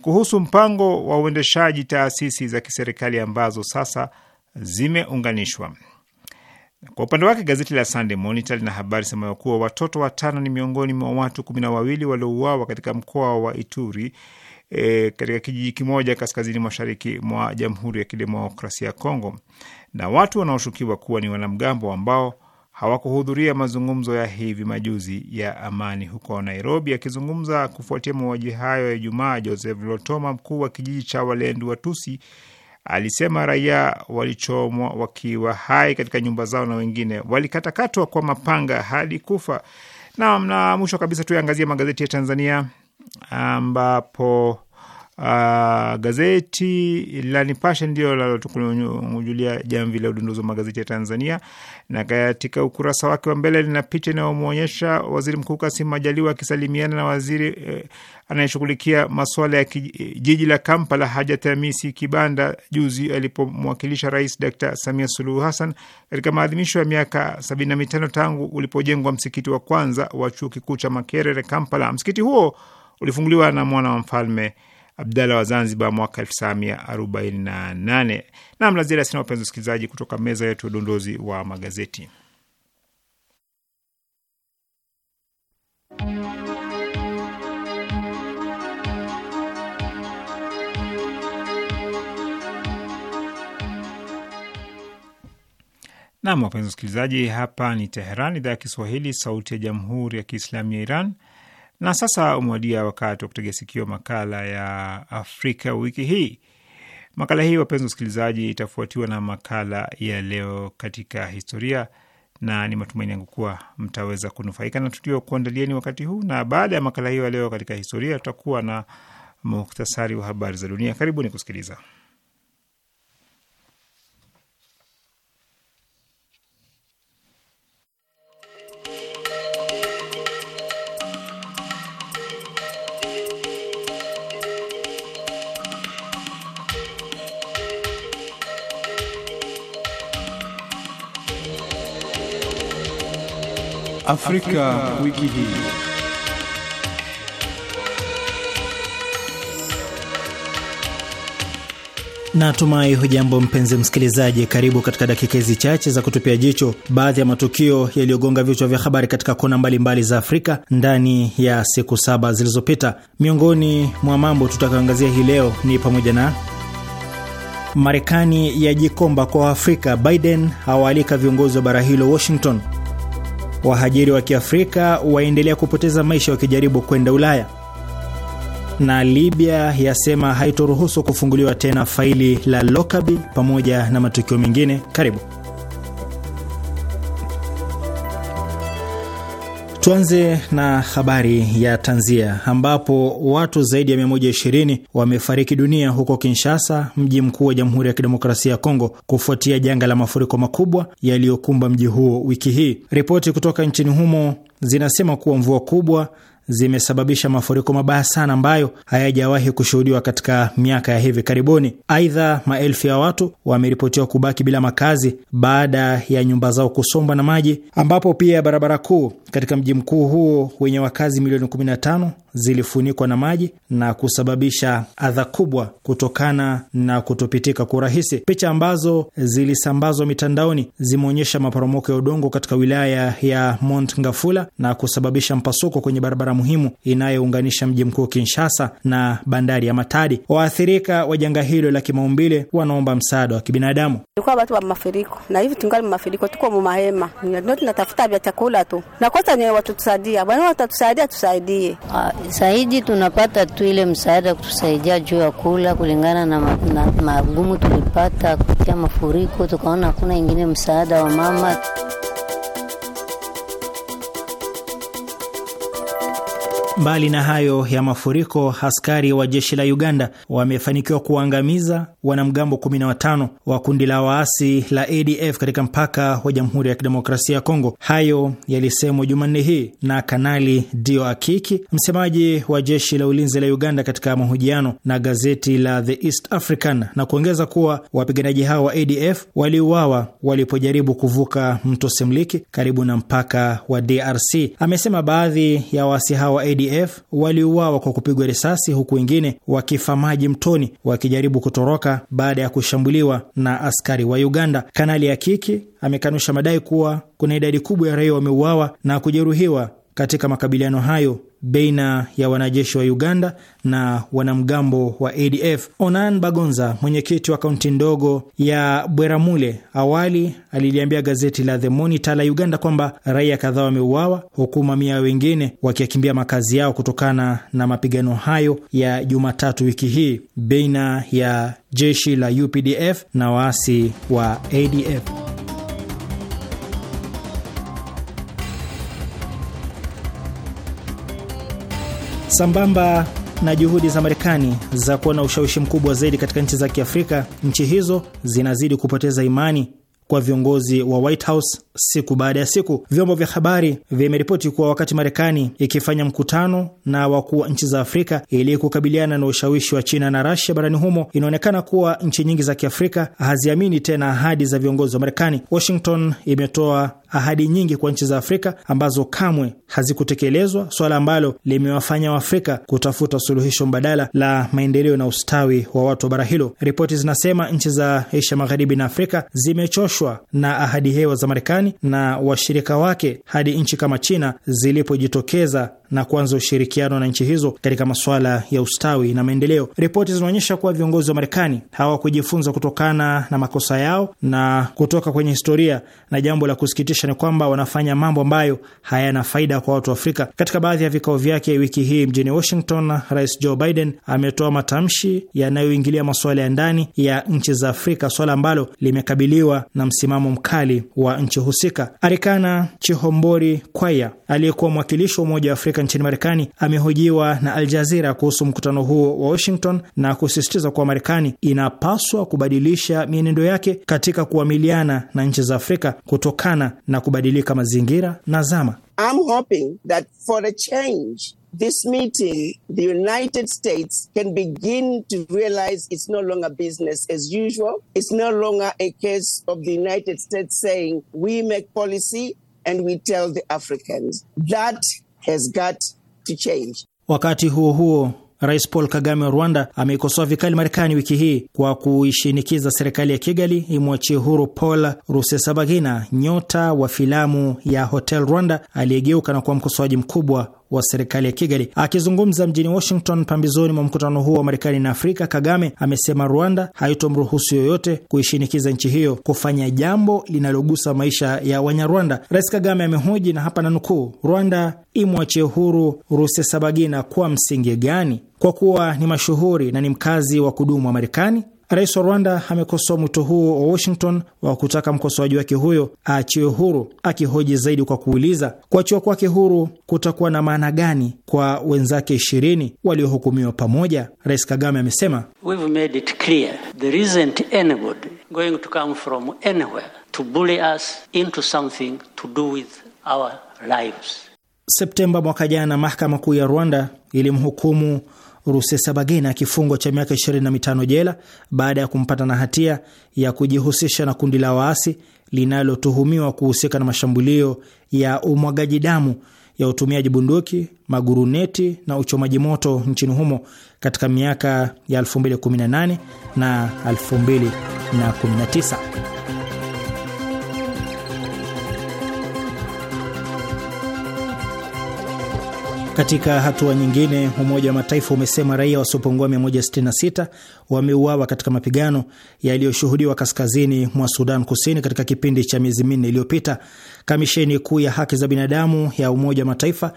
kuhusu mpango wa uendeshaji taasisi za kiserikali ambazo sasa zimeunganishwa. Kwa upande wake gazeti la Sunday Monitor lina habari semayo kuwa watoto watano ni miongoni mwa watu kumi na wawili waliouawa katika mkoa wa Ituri e, katika kijiji kimoja kaskazini mashariki mwa Jamhuri ya Kidemokrasia ya Kongo na watu wanaoshukiwa kuwa ni wanamgambo ambao hawakuhudhuria mazungumzo ya hivi majuzi ya amani huko Nairobi. Akizungumza kufuatia mauaji hayo ya Ijumaa, Joseph Lotoma, mkuu wa kijiji cha Walendu Watusi, alisema raia walichomwa wakiwa hai katika nyumba zao na wengine walikatakatwa kwa mapanga hadi kufa. Naam, na mwisho kabisa tuyaangazie magazeti ya Tanzania ambapo Uh, gazeti la Nipashe ndio linalotukunjulia jamvi la udunduzi wa magazeti ya Tanzania, na katika ukurasa wake wa mbele lina picha inayomwonyesha Waziri Mkuu Kassim Majaliwa akisalimiana na waziri eh, anayeshughulikia masuala ya jiji la Kampala Hajat Hamisi Kibanda juzi alipomwakilisha Rais Dr. Samia Suluhu Hassan katika maadhimisho ya miaka 75 tangu ulipojengwa msikiti wa kwanza wa chuo kikuu cha Makerere Kampala. Msikiti huo ulifunguliwa na mwana wa mfalme Abdalla wa Zanzibar mwaka 1948. Naam, la sina, wapenzi wasikilizaji, kutoka meza yetu ya udondozi wa magazeti. Nam, wapenzi wasikilizaji, hapa ni Teheran, idhaa ya Kiswahili, sauti ya jamhuri ya kiislamu ya Iran. Na sasa umewadia wakati wa kutegea sikio makala ya Afrika wiki hii. Makala hii, wapenzi wasikilizaji, itafuatiwa na makala ya leo katika historia, na ni matumaini yangu kuwa mtaweza kunufaika na tuliokuandalieni wakati huu. Na baada ya makala hiyo ya leo katika historia, tutakuwa na muhtasari wa habari za dunia. Karibuni kusikiliza. Afrika, wiki hii. Natumai hujambo mpenzi msikilizaji, karibu katika dakika hizi chache za kutupia jicho baadhi ya matukio yaliyogonga vichwa vya habari katika kona mbalimbali mbali za Afrika ndani ya siku saba zilizopita. Miongoni mwa mambo tutakaangazia hii leo ni pamoja na Marekani yajikomba kwa Afrika, Biden hawaalika viongozi wa bara hilo Washington, wahajiri wa Kiafrika waendelea kupoteza maisha wakijaribu kwenda Ulaya, na Libya yasema haitoruhusu kufunguliwa tena faili la lokabi pamoja na matukio mengine. Karibu. Tuanze na habari ya tanzia ambapo watu zaidi ya 120 wamefariki dunia huko Kinshasa, mji mkuu wa Jamhuri ya Kidemokrasia ya Kongo, kufuatia janga la mafuriko makubwa yaliyokumba mji huo wiki hii. Ripoti kutoka nchini humo zinasema kuwa mvua kubwa zimesababisha mafuriko mabaya sana ambayo hayajawahi kushuhudiwa katika miaka ya hivi karibuni. Aidha, maelfu ya watu wameripotiwa kubaki bila makazi baada ya nyumba zao kusombwa na maji, ambapo pia barabara kuu katika mji mkuu huo wenye wakazi milioni 15 zilifunikwa na maji na kusababisha adha kubwa kutokana na kutopitika kwa urahisi. Picha ambazo zilisambazwa mitandaoni zimeonyesha maporomoko ya udongo katika wilaya ya Mont Ngafula na kusababisha mpasuko kwenye barabara barabara muhimu inayounganisha mji mkuu Kinshasa na bandari ya Matadi. Waathirika wa janga hilo la kimaumbile wanaomba msaada wa kibinadamu. Ilikuwa watu wa mafuriko, na hivi tungali mafuriko, tuko mumahema, ndio tunatafuta vya chakula tu, nakosa ni watutusaidia, bwana watatusaidia, tusaidie ah, zaidi. Tunapata tu ile msaada kutusaidia juu ya kula, kulingana na magumu tulipata kupitia mafuriko, tukaona hakuna ingine msaada wa mama Mbali na hayo ya mafuriko, askari wa jeshi la Uganda wamefanikiwa kuwaangamiza wanamgambo 15 wa kundi la waasi la ADF katika mpaka wa Jamhuri ya Kidemokrasia ya Kongo. Hayo yalisemwa Jumanne hii na Kanali Dio Akiki, msemaji wa jeshi la ulinzi la Uganda, katika mahojiano na gazeti la The East African, na kuongeza kuwa wapiganaji hao wa ADF waliuawa walipojaribu kuvuka mto Semliki karibu na mpaka wa DRC. Amesema baadhi ya waasi hao wa ADF ADF waliuawa kwa kupigwa risasi huku wengine wakifa maji mtoni wakijaribu kutoroka baada ya kushambuliwa na askari wa Uganda. Kanali ya kiki amekanusha madai kuwa kuna idadi kubwa ya raia wameuawa na kujeruhiwa katika makabiliano hayo baina ya wanajeshi wa Uganda na wanamgambo wa ADF. Onan Bagonza, mwenyekiti wa kaunti ndogo ya Bweramule, awali aliliambia gazeti la The Monitor la Uganda kwamba raia kadhaa wameuawa huku mamia wengine wakiakimbia makazi yao kutokana na mapigano hayo ya Jumatatu wiki hii baina ya jeshi la UPDF na waasi wa ADF. Sambamba na juhudi za Marekani za kuwa na ushawishi mkubwa zaidi katika nchi za Kiafrika, nchi hizo zinazidi kupoteza imani kwa viongozi wa White House siku baada ya siku. Vyombo vya habari vimeripoti kuwa wakati Marekani ikifanya mkutano na wakuu wa nchi za Afrika ili kukabiliana na ushawishi wa China na Rasia barani humo, inaonekana kuwa nchi nyingi za Kiafrika haziamini tena ahadi za viongozi wa Marekani. Washington imetoa ahadi nyingi kwa nchi za Afrika ambazo kamwe hazikutekelezwa, swala ambalo limewafanya Waafrika kutafuta suluhisho mbadala la maendeleo na ustawi wa watu wa bara hilo. Ripoti zinasema nchi za Asia Magharibi na Afrika zimechoshwa na ahadi hewa za Marekani na washirika wake hadi nchi kama China zilipojitokeza na kuanza ushirikiano na nchi hizo katika masuala ya ustawi na maendeleo. Ripoti zinaonyesha kuwa viongozi wa Marekani hawakujifunza kutokana na makosa yao na kutoka kwenye historia, na jambo la kusikitisha na kwamba wanafanya mambo ambayo hayana faida kwa watu wa Afrika. Katika baadhi ya vikao vyake wiki hii mjini Washington, Rais Joe Biden ametoa matamshi yanayoingilia masuala ya ndani ya nchi za Afrika, swala ambalo limekabiliwa na msimamo mkali wa nchi husika. Arikana Chihombori Kwaya aliyekuwa mwakilishi wa Umoja wa Afrika nchini Marekani amehojiwa na Al kuhusu mkutano huo wa Washington na kusisitiza kuwa Marekani inapaswa kubadilisha mienendo yake katika kuamiliana na nchi za Afrika kutokana na kubadilika mazingira na zama. I'm hoping that for a change this meeting the United States can begin to realize it's no longer business as usual. It's no longer a case of the United States saying we make policy and we tell the Africans. That has got to change. Wakati huo huo Rais Paul Kagame wa Rwanda ameikosoa vikali Marekani wiki hii kwa kuishinikiza serikali ya Kigali imwachie huru Paul Rusesabagina, nyota wa filamu ya Hotel Rwanda aliyegeuka na kuwa mkosoaji mkubwa wa serikali ya Kigali. Akizungumza mjini Washington pambizoni mwa mkutano huo wa Marekani na Afrika, Kagame amesema Rwanda haitomruhusu yoyote kuishinikiza nchi hiyo kufanya jambo linalogusa maisha ya Wanyarwanda. Rais Kagame amehoji na hapa na nukuu, Rwanda imwachie huru Rusesabagina kwa msingi gani? Kwa kuwa ni mashuhuri na ni mkazi wa kudumu wa Marekani Rais wa Rwanda amekosoa mwito huo wa Washington wa kutaka mkosoaji wake huyo aachiwe huru, akihoji zaidi kwa kuuliza kuachiwa kwake huru kutakuwa na maana gani kwa wenzake ishirini waliohukumiwa pamoja. Rais Kagame amesema Septemba mwaka jana, mahakama kuu ya Rwanda ilimhukumu Rusesabagina kifungo cha miaka 25 jela baada ya kumpata na hatia ya kujihusisha na kundi la waasi linalotuhumiwa kuhusika na mashambulio ya umwagaji damu ya utumiaji bunduki, maguruneti na uchomaji moto nchini humo katika miaka ya 2018 na 2019. Katika hatua nyingine, Umoja wa Mataifa umesema raia wasiopungua 166 wameuawa katika mapigano yaliyoshuhudiwa kaskazini mwa Sudan Kusini katika kipindi cha miezi minne iliyopita. Kamisheni kuu ya haki za binadamu ya Umoja wa Mataifa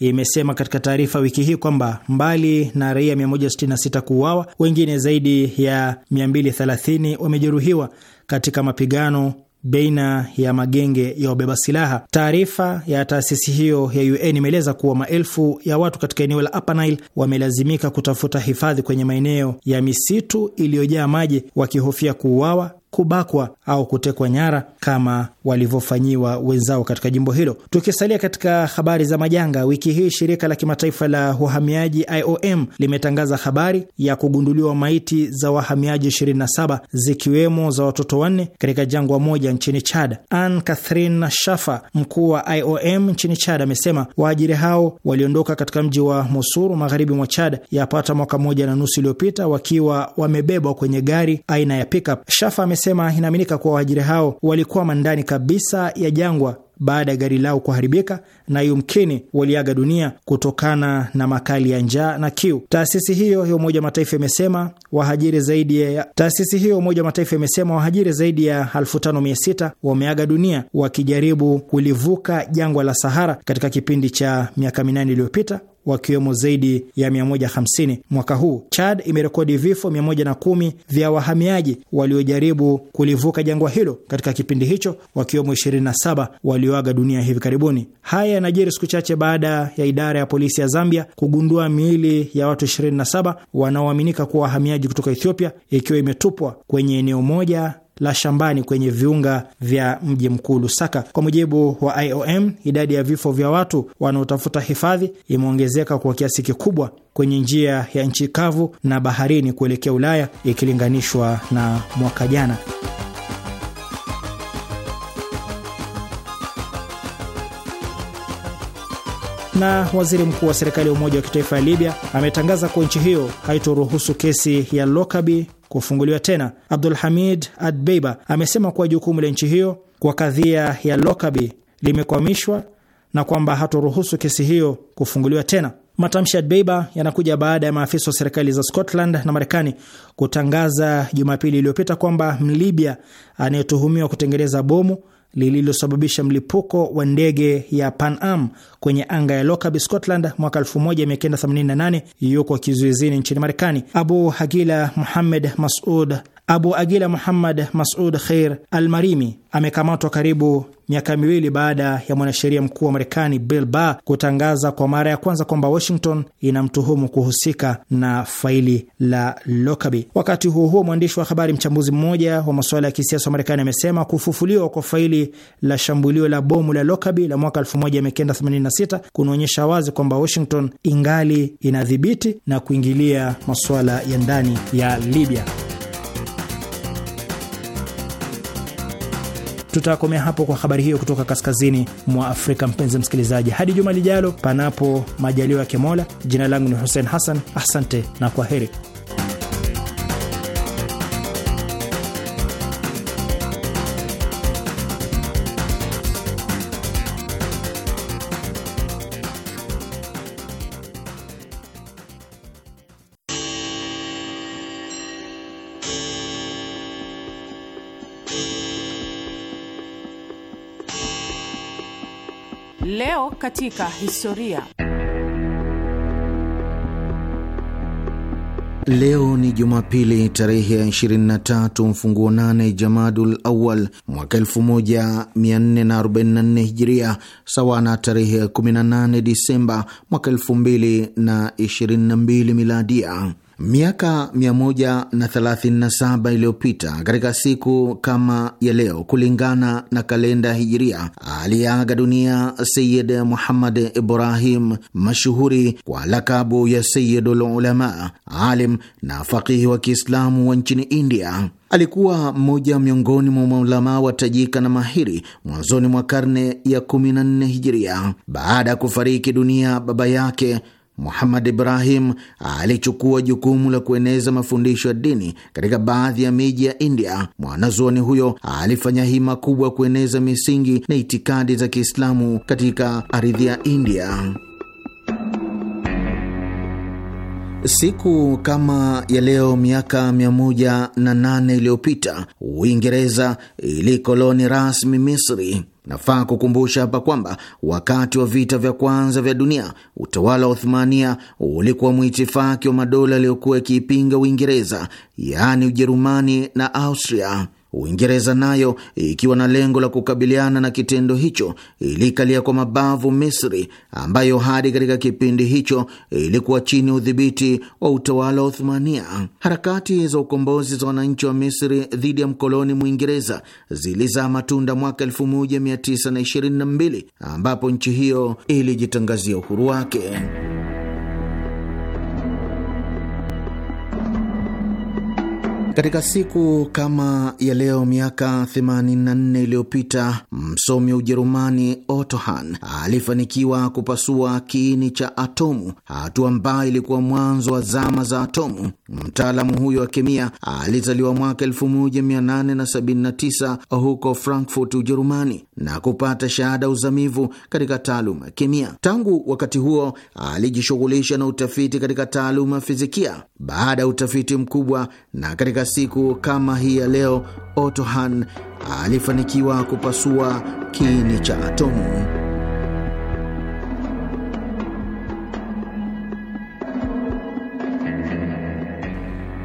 imesema katika taarifa wiki hii kwamba mbali na raia 166 kuuawa, wengine zaidi ya 230 wamejeruhiwa katika mapigano baina ya magenge ya wabeba silaha. Taarifa ya taasisi hiyo ya UN imeeleza kuwa maelfu ya watu katika eneo la Upper Nile wamelazimika kutafuta hifadhi kwenye maeneo ya misitu iliyojaa maji wakihofia kuuawa, kubakwa au kutekwa nyara kama walivyofanyiwa wenzao katika jimbo hilo. Tukisalia katika habari za majanga, wiki hii shirika la kimataifa la uhamiaji IOM limetangaza habari ya kugunduliwa maiti za wahamiaji 27 zikiwemo za watoto wanne katika jangwa moja nchini Chad. Ann Catherine Shafa, mkuu wa IOM nchini Chad, amesema waajiri hao waliondoka katika mji wa Mosuru magharibi mwa Chad yapata mwaka moja na nusu iliyopita wakiwa wamebebwa kwenye gari aina ya pickup. Shafa amesema inaaminika kuwa waajiri hao walikuwa mandani kabisa ya jangwa baada ya gari lao kuharibika na yumkini waliaga dunia kutokana na makali ya njaa na kiu. Taasisi hiyo ya Umoja Mataifa imesema wahajiri zaidi ya taasisi hiyo Umoja Mataifa imesema wahajiri zaidi ya 5600 wameaga dunia wakijaribu kulivuka jangwa la Sahara katika kipindi cha miaka minane iliyopita, wakiwemo zaidi ya 150 mwaka huu. Chad imerekodi vifo 110 vya wahamiaji waliojaribu kulivuka jangwa hilo katika kipindi hicho, wakiwemo 27 walioaga dunia hivi karibuni. Haya yanajiri siku chache baada ya idara ya polisi ya Zambia kugundua miili ya watu 27 wanaoaminika kuwa wahamiaji kutoka Ethiopia ikiwa imetupwa kwenye eneo moja la shambani kwenye viunga vya mji mkuu Lusaka. Kwa mujibu wa IOM, idadi ya vifo vya watu wanaotafuta hifadhi imeongezeka kwa kiasi kikubwa kwenye njia ya nchi kavu na baharini kuelekea Ulaya ikilinganishwa na mwaka jana. Na waziri mkuu wa serikali ya umoja wa kitaifa ya Libya ametangaza kuwa nchi hiyo haitoruhusu kesi ya Lokabi kufunguliwa tena. Abdul Hamid Adbeiba amesema kuwa jukumu la nchi hiyo kwa kadhia ya Lokabi limekwamishwa na kwamba hatoruhusu kesi hiyo kufunguliwa tena. Matamshi ya Dbeiba yanakuja baada ya maafisa wa serikali za Scotland na Marekani kutangaza Jumapili iliyopita kwamba Mlibya anayetuhumiwa kutengeneza bomu lililosababisha mlipuko wa ndege ya Pan Am kwenye anga ya Lokabi, Scotland mwaka 1988, yuko kizuizini nchini Marekani. Abu Hagila Muhammed Masud Abu Agila Muhammad Masud Khair Almarimi amekamatwa karibu miaka miwili baada ya mwanasheria mkuu wa Marekani Bill Barr kutangaza kwa mara ya kwanza kwamba Washington inamtuhumu kuhusika na faili la lokaby Wakati huo huo, mwandishi wa habari mchambuzi mmoja wa masuala ya kisiasa wa Marekani amesema kufufuliwa kwa faili la shambulio la bomu la lokaby la mwaka 1986 kunaonyesha wazi kwamba Washington ingali inadhibiti na kuingilia masuala ya ndani ya Libya. Tutakomea hapo kwa habari hiyo kutoka kaskazini mwa Afrika. Mpenzi msikilizaji, hadi juma lijalo, panapo majaliwa ya kemola Jina langu ni Hussein Hassan, asante na kwa heri. katika historia. Leo ni Jumapili tarehe ya 23 mfunguo nane Jamadul Awal mwaka 1444 Hijiria, sawa na tarehe 18 Disemba mwaka 2022 Miladia. Miaka 137 iliyopita katika siku kama ya leo, kulingana na kalenda Hijiria, aliaga dunia Sayid Muhammad Ibrahim, mashuhuri kwa lakabu ya Sayidul Ulama, alim na faqihi wa Kiislamu wa nchini India. Alikuwa mmoja miongoni mwa maulamaa tajika na mahiri mwanzoni mwa karne ya 14 Hijiria. Baada ya kufariki dunia baba yake Muhammad Ibrahim alichukua jukumu la kueneza mafundisho ya dini katika baadhi ya miji ya India. Mwanazuoni huyo alifanya hima kubwa kueneza misingi na itikadi za Kiislamu katika ardhi ya India. Siku kama ya leo miaka 18 iliyopita Uingereza ilikoloni rasmi Misri. Nafaa kukumbusha hapa kwamba wakati wa vita vya kwanza vya dunia utawala wa Uthmania ulikuwa mwitifaki wa madola yaliyokuwa yakiipinga Uingereza, yaani Ujerumani na Austria. Uingereza nayo ikiwa na lengo la kukabiliana na kitendo hicho ilikalia kwa mabavu Misri ambayo hadi katika kipindi hicho ilikuwa chini ya udhibiti wa utawala wa Uthmania. Harakati za ukombozi za wananchi wa Misri dhidi ya mkoloni Mwingereza zilizaa matunda mwaka 1922 ambapo nchi hiyo ilijitangazia uhuru wake. Katika siku kama ya leo miaka 84 iliyopita msomi wa Ujerumani Otto Hahn alifanikiwa kupasua kiini cha atomu, hatua ambayo ilikuwa mwanzo wa zama za atomu. Mtaalamu huyo wa kemia alizaliwa mwaka 1879 huko Frankfurt, Ujerumani, na kupata shahada uzamivu katika taaluma ya kemia. Tangu wakati huo alijishughulisha na utafiti katika taaluma ya fizikia. Baada ya utafiti mkubwa na katika katika siku kama hii ya leo, Otto Hahn alifanikiwa kupasua kiini cha atomu.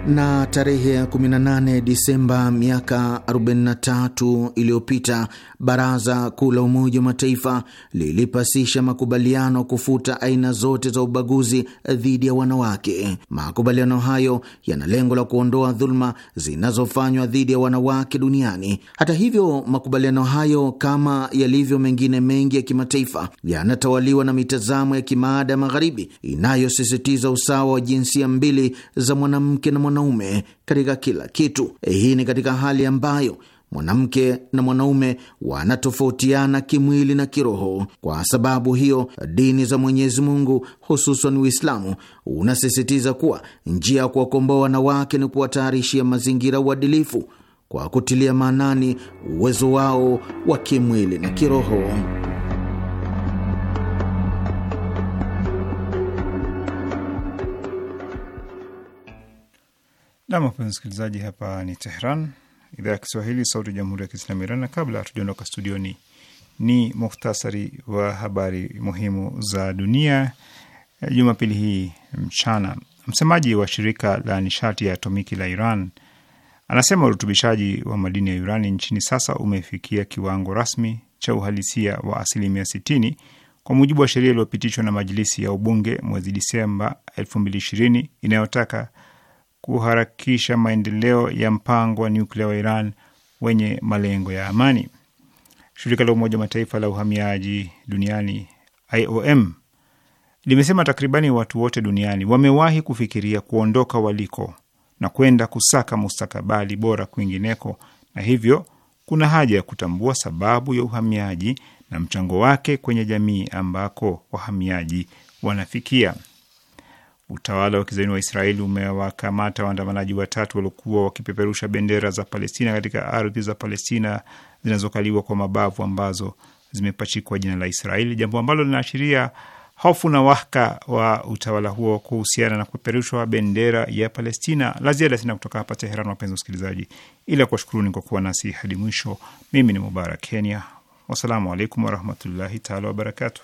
na tarehe ya 18 Disemba miaka 43 iliyopita Baraza Kuu la Umoja wa Mataifa lilipasisha makubaliano kufuta aina zote za ubaguzi dhidi ya wanawake. Makubaliano hayo yana lengo la kuondoa dhuluma zinazofanywa dhidi ya wanawake duniani. Hata hivyo, makubaliano hayo kama yalivyo mengine mengi ya kimataifa yanatawaliwa na mitazamo ya kimaada ya Magharibi inayosisitiza usawa wa jinsia mbili za mwanamke na mwanamke mwanaume katika kila kitu. Eh, hii ni katika hali ambayo mwanamke na mwanaume wanatofautiana kimwili na kiroho. Kwa sababu hiyo, dini za Mwenyezi Mungu, hususan Uislamu, unasisitiza kuwa njia ya kuwakomboa wanawake ni kuwatayarishia mazingira uadilifu kwa kutilia maanani uwezo wao wa kimwili na kiroho. Nam, wapenzi msikilizaji, hapa ni Tehran, idhaa ya Kiswahili, sauti ya jamhuri ya kiislamu Iran. Na kabla hatujaondoka studioni, ni muhtasari wa habari muhimu za dunia eh, Jumapili hii mchana. Msemaji wa shirika la nishati ya atomiki la Iran anasema urutubishaji wa madini ya urani nchini sasa umefikia kiwango rasmi cha uhalisia wa asilimia 60 kwa mujibu wa sheria iliyopitishwa na majilisi ya ubunge mwezi Disemba 2020 inayotaka kuharakisha maendeleo ya mpango wa nyuklia wa Iran wenye malengo ya amani. Shirika la Umoja wa Mataifa la uhamiaji duniani IOM limesema takribani watu wote duniani wamewahi kufikiria kuondoka waliko na kwenda kusaka mustakabali bora kwingineko, na hivyo kuna haja ya kutambua sababu ya uhamiaji na mchango wake kwenye jamii ambako wahamiaji wanafikia. Utawala wa kizaini wa Israeli umewakamata waandamanaji watatu waliokuwa wakipeperusha bendera za Palestina katika ardhi za Palestina zinazokaliwa kwa mabavu ambazo zimepachikwa jina la Israeli, jambo ambalo linaashiria hofu na wahaka wa utawala huo kuhusiana na kupeperushwa bendera ya Palestina. La ziada sina kutoka hapa Teheran, wapenzi wasikilizaji, ila kuwashukuruni kwa kuwa nasi hadi mwisho. Mimi ni Mubarak Kenya, wassalamu alaikum warahmatullahi taala wabarakatuh.